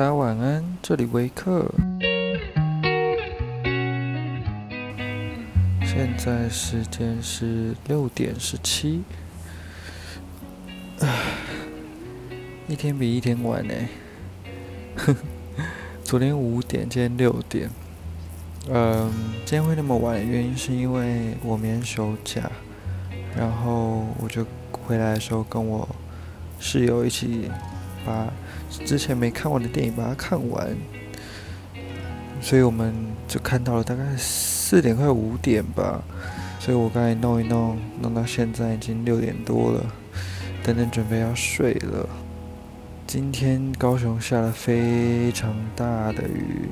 大家晚安，這裡維克。現在時間是六點十七，唉，一天比一天晚呢。呵呵，昨天五點，今天六點。嗯，今天會那麼晚，原因是因為我明天休假，然後我就回來的時候跟我室友一起。把之前沒看完的電影把它看完，所以我們就看到了大概四點快五點吧，所以我剛才弄一弄，弄到現在已經六點多了，等等準備要睡了。今天高雄下了非常大的雨，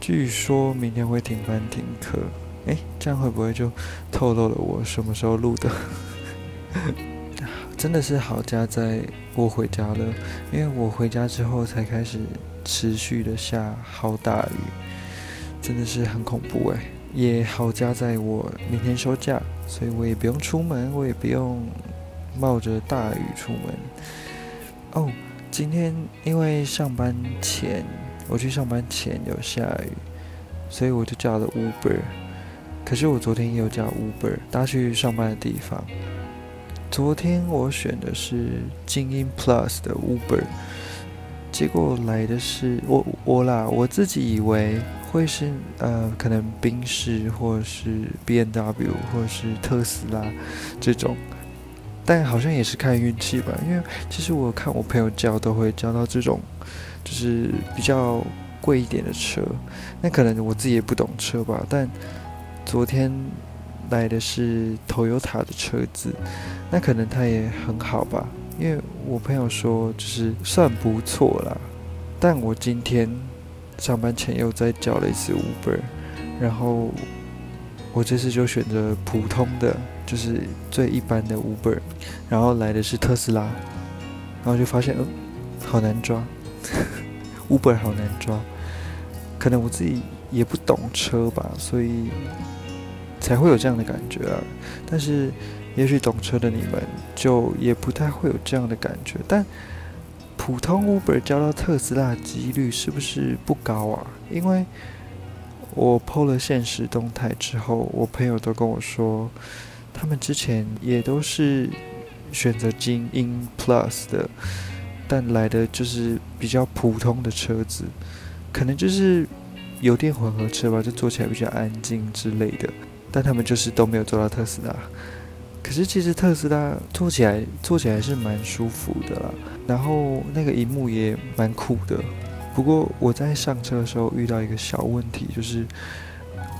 據說明天會停班停課。欸，這樣會不會就透露了我什麼時候錄的？ 真的是好加在我回家了，因為我回家之後才開始持續的下好大雨，真的是很恐怖誒、欸。也好加在我明天休假，所以我也不用出門，我也不用冒着大雨出門。哦，今天因為上班前我去上班前有下雨，所以我就叫了 Uber。可是我昨天也有叫 Uber 搭去上班的地方。昨天我選的是精英 Plus 的 Uber，結果來的是我我啦，我自己以為會是呃，可能賓士或是 BMW 或是特斯拉這種，但好像也是看運氣吧。因為其實我看我朋友叫都會叫到這種，就是比較貴一點的車。那可能我自己也不懂車吧，但昨天。來的是 Toyota 的車子，那可能他也很好吧，因為我朋友說就是算不錯啦。但我今天上班前又再叫了一次 Uber，然後我這次就選擇普通的，就是最一般的 Uber，然後來的是特斯拉，然後就發現嗯、呃，好難抓呵呵，Uber 好難抓，可能我自己也不懂車吧，所以。才會有這樣的感覺啊！但是，也許懂車的你們就也不太會有這樣的感覺。但普通 Uber 叫到特斯拉幾率是不是不高啊？因為，我 Po 了限時動態之後，我朋友都跟我說，他們之前也都是選擇精英 Plus 的，但來的就是比較普通的車子，可能就是油電混合車吧，就坐起來比較安靜之類的。但他們就是都沒有坐到特斯拉，可是其實特斯拉坐起來坐起來是蠻舒服的啦。然後那個熒幕也蠻酷的。不過我在上車的時候遇到一個小問題，就是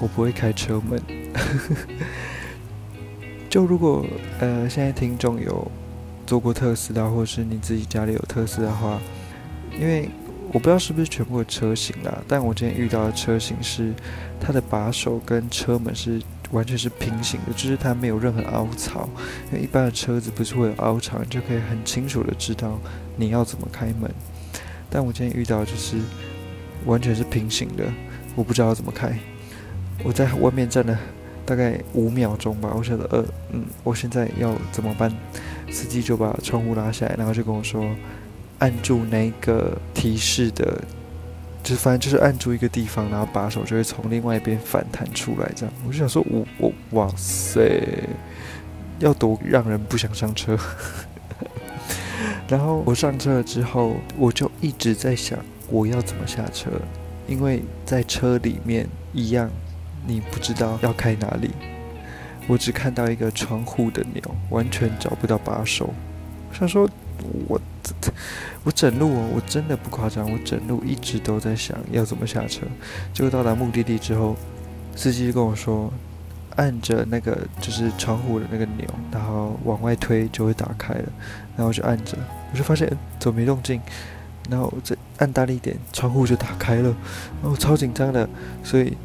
我不會開車門。 就如果呃現在聽眾有坐過特斯拉，或者是你自己家裡有特斯拉的話，因為我不知道是不是全部的車型啦，但我今天遇到的車型是它的把手跟車門是。完全是平行的，就是它沒有任何凹槽。因為一般的車子不是會有凹槽，你就可以很清楚的知道你要怎麼開門。但我今天遇到的就是完全是平行的，我不知道要怎麼開。我在外面站了大概五秒鐘吧，我曉得，呃，嗯，我現在要怎麼辦？司機就把窗戶拉下來，然後就跟我說：“按住那個提示的。”就反正就是按住一個地方，然後把手就會從另外一邊反彈出來，這樣。我就想說，我我哇塞，要多讓人不想上車。 然後我上車了之後，我就一直在想我要怎麼下車，因為在車裡面一樣，你不知道要開哪裡。我只看到一個窗戶的鈕，完全找不到把手。我想說。我，我整路哦，我真的不誇張，我整路一直都在想要怎麼下車。結果到達目的地之後，司機就跟我說，按着那個就是窗戶的那個鈕，然後往外推就會打開了。然後我就按着，我就發現怎麼、嗯、沒動靜，然後我再按大力一點，窗戶就打開了。然後超緊張的，所以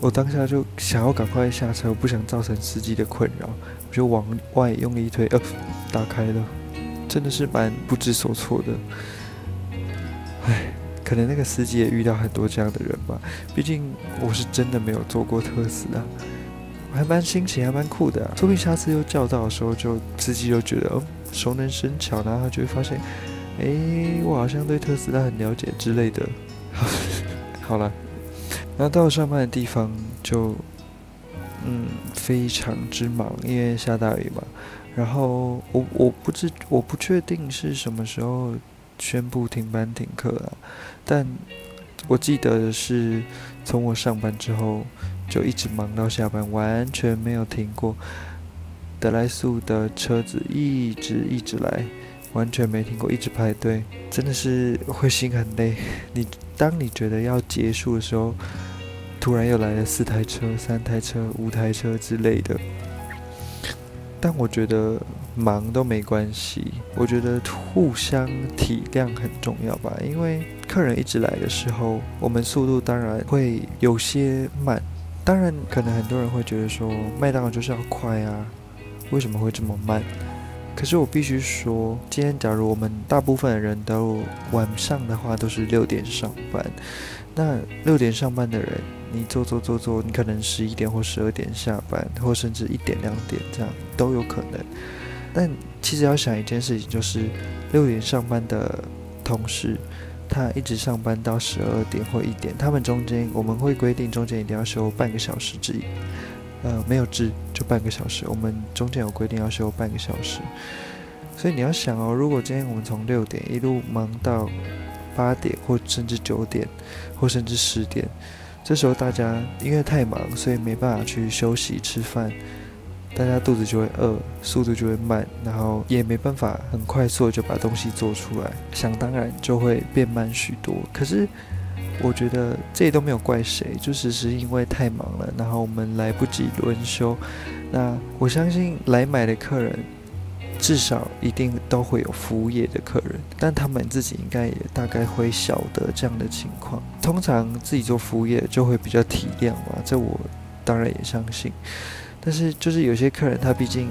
我當下就想要趕快下車，我不想造成司機的困擾，我就往外用力一推，呃，打開了。真的是蠻不知所措的，唉，可能那個司機也遇到很多這樣的人吧。畢竟我是真的沒有坐過特斯拉，啊，我還蠻新奇，還蠻酷的，啊。說不定下次又叫到的時候就，就司機又覺得哦，熟能生巧，然後他就會發現，哎，我好像對特斯拉很了解之類的。 好了，然後到上班的地方就，嗯，非常之忙，因為下大雨嘛。然後我我不知我不確定是什麼時候宣布停班停課了，但我記得是從我上班之後就一直忙到下班，完全沒有停過。得來速的車子一直一直來，完全沒停過，一直排隊，真的是會心很累。你當你覺得要結束的時候，突然又來了四台車、三台車、五台車之類的。但我覺得忙都沒關係，我覺得互相體諒很重要吧。因為客人一直來的時候，我們速度當然會有些慢。當然，可能很多人會覺得說，麥當勞就是要快啊，為什麼會這麼慢？可是我必須說，今天假如我們大部分的人都晚上的話，都是六點上班。那六點上班的人，你做做做做，你可能十一點或十二點下班，或甚至一點兩點這樣都有可能。但其實要想一件事情，就是六點上班的同事，他一直上班到十二點或一點，他們中間我們會規定中間一定要休半個小時之一。呃，沒有治就半個小時，我們中間有規定要休半個小時，所以你要想哦，如果今天我們從六點一路忙到八點，或甚至九點，或甚至十點，這時候大家因為太忙，所以沒辦法去休息吃飯，大家肚子就會餓，速度就會慢，然後也沒辦法很快速地就把東西做出來，想當然就會變慢許多。可是。我覺得這都沒有怪誰，就是是因為太忙了，然後我們來不及輪休。那我相信來買的客人，至少一定都會有服務業的客人，但他們自己應該也大概會曉得這樣的情況。通常自己做服務業就會比較體諒嘛，這我當然也相信。但是就是有些客人他畢竟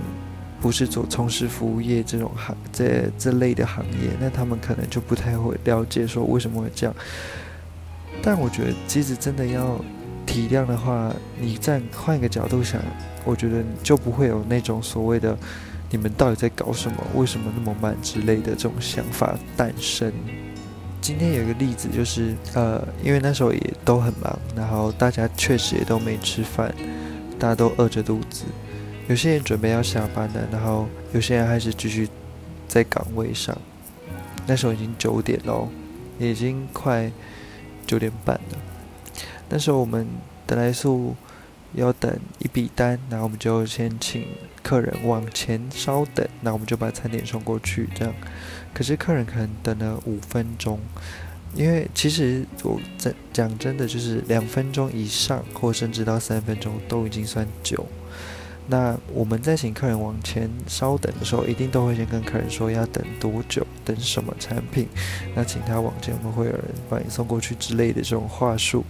不是做從事服務業這種行，這這類的行業，那他們可能就不太會了解說為什麼會這樣。但我覺得，其實真的要體諒的話，你再換一個角度想，我覺得就不會有那種所謂的“你們到底在搞什麼？為什麼那麼慢？”之類的這種想法誕生。今天有一個例子，就是呃，因為那時候也都很忙，然後大家確實也都沒吃飯，大家都餓着肚子。有些人準備要下班了，然後有些人還是繼續在崗位上。那時候已經九點嘍，也已經快。九點半了，那時候我們等來速要等一筆單，然後我們就先請客人往前稍等，那我們就把餐點送過去，這樣。可是客人可能等了五分鐘，因為其實我在講真的，就是兩分鐘以上，或甚至到三分鐘，都已經算久。那我們在請客人往前稍等的時候，一定都會先跟客人說要等多久，等什麼產品，那請他往前，我們會有人幫你送過去之類的這種話術。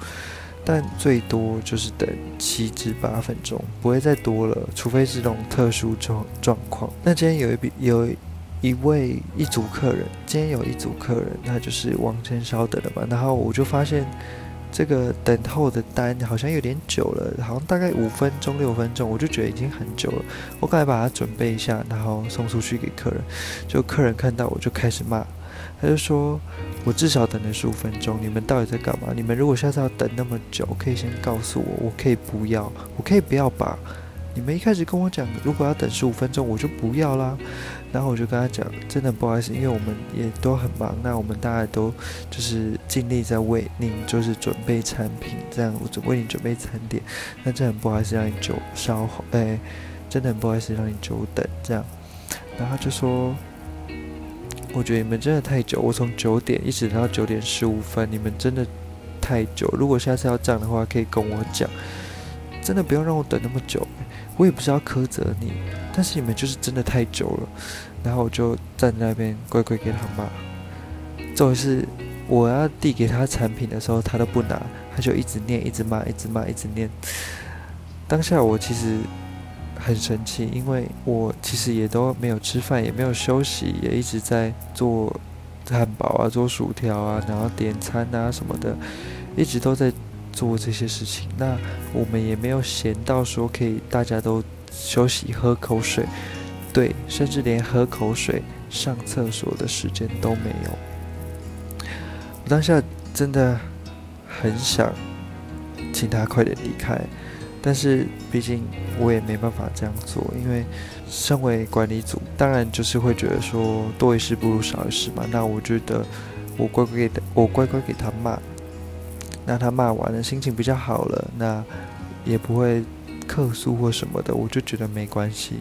但最多就是等七至八分鐘，不會再多了，除非是這種特殊狀狀況。那今天有一筆，有一，一位一組客人，今天有一組客人，他就是往前稍等了嘛，然後我就發現。這個等候的單好像有點久了，好像大概五分鐘六分鐘，我就覺得已經很久了。我剛才把它準備一下，然後送出去給客人，就客人看到我就開始罵，他就說：“我至少等了十五分鐘，你們到底在幹嘛？你們如果下次要等那麼久，可以先告訴我，我可以不要，我可以不要吧……你們一開始跟我講，如果要等十五分鐘，我就不要啦。然後我就跟他講，真的不好意思，因為我們也都很忙。那我們大家都就是盡力在為您就是準備產品，這樣我準為您準備餐點。那真的很不好意思讓你久稍候，哎、欸，真的很不好意思讓你久等這樣。然後他就說，我覺得你們真的太久，我從九點一直到九點十五分，你們真的太久。如果下次要這樣的話，可以跟我講，真的不要讓我等那麼久。我也不是要苛責你，但是你們就是真的太久了，然後我就站在那邊乖乖給他罵。就是我要遞給他產品的時候，他都不拿，他就一直念，一直罵，一直罵，一直念。當下我其實很生氣，因為我其實也都沒有吃飯，也沒有休息，也一直在做漢堡啊，做薯條啊，然後點餐啊什麼的，一直都在。做這些事情，那我們也沒有閒到說可以大家都休息喝口水，對，甚至連喝口水、上廁所的時間都沒有。我當下真的很想請他快點離開，但是畢竟我也沒辦法這樣做，因為身為管理組，當然就是會覺得說多一事不如少一事嘛。那我覺得我乖乖給他，我乖乖給他罵。那他罵完了，心情比較好了，那也不會客訴或什麼的，我就覺得沒關係。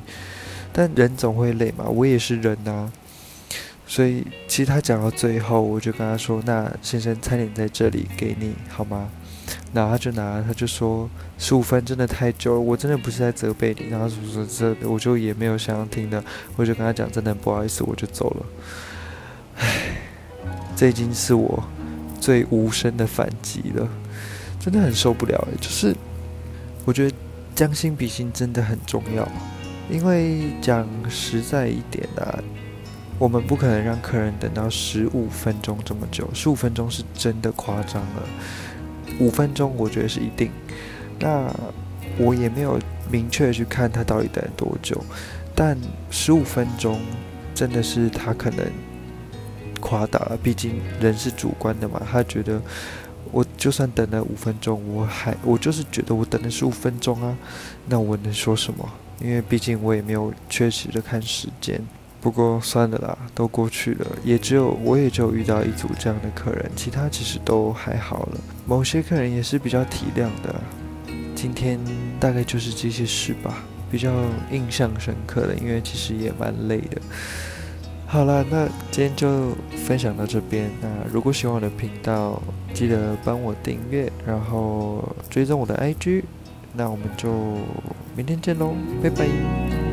但人總會累嘛，我也是人吶、啊。所以其實他講到最後，我就跟他說：“那先生，餐點在這裡給你，好嗎？”那他就拿，他就說：“十五分真的太久了，我真的不是在責備你。”然後說說說，我就也沒有想要聽的，我就跟他講：“真的不好意思，我就走了。”唉，這已經是我。最無聲的反擊了，真的很受不了、欸、就是我覺得將心比心真的很重要，因為講實在一點啊，我們不可能讓客人等到十五分鐘這麼久，十五分鐘是真的誇張了。五分鐘我覺得是一定，那我也沒有明確去看他到底等多久，但十五分鐘真的是他可能。誇大了，畢竟人是主觀的嘛。他覺得我就算等了五分鐘，我還我就是覺得我等了十五分鐘啊，那我能說什麼？因為畢竟我也沒有確實的看時間。不過算了啦，都過去了。也只有我也就遇到一組這樣的客人，其他其實都還好了。某些客人也是比較體諒的啊。今天大概就是這些事吧，比較印象深刻的，因為其實也蠻累的。好了，那今天就分享到這邊。那如果喜歡我的頻道，記得幫我訂閱，然後追蹤我的 IG。那我們就明天見嘍，拜拜。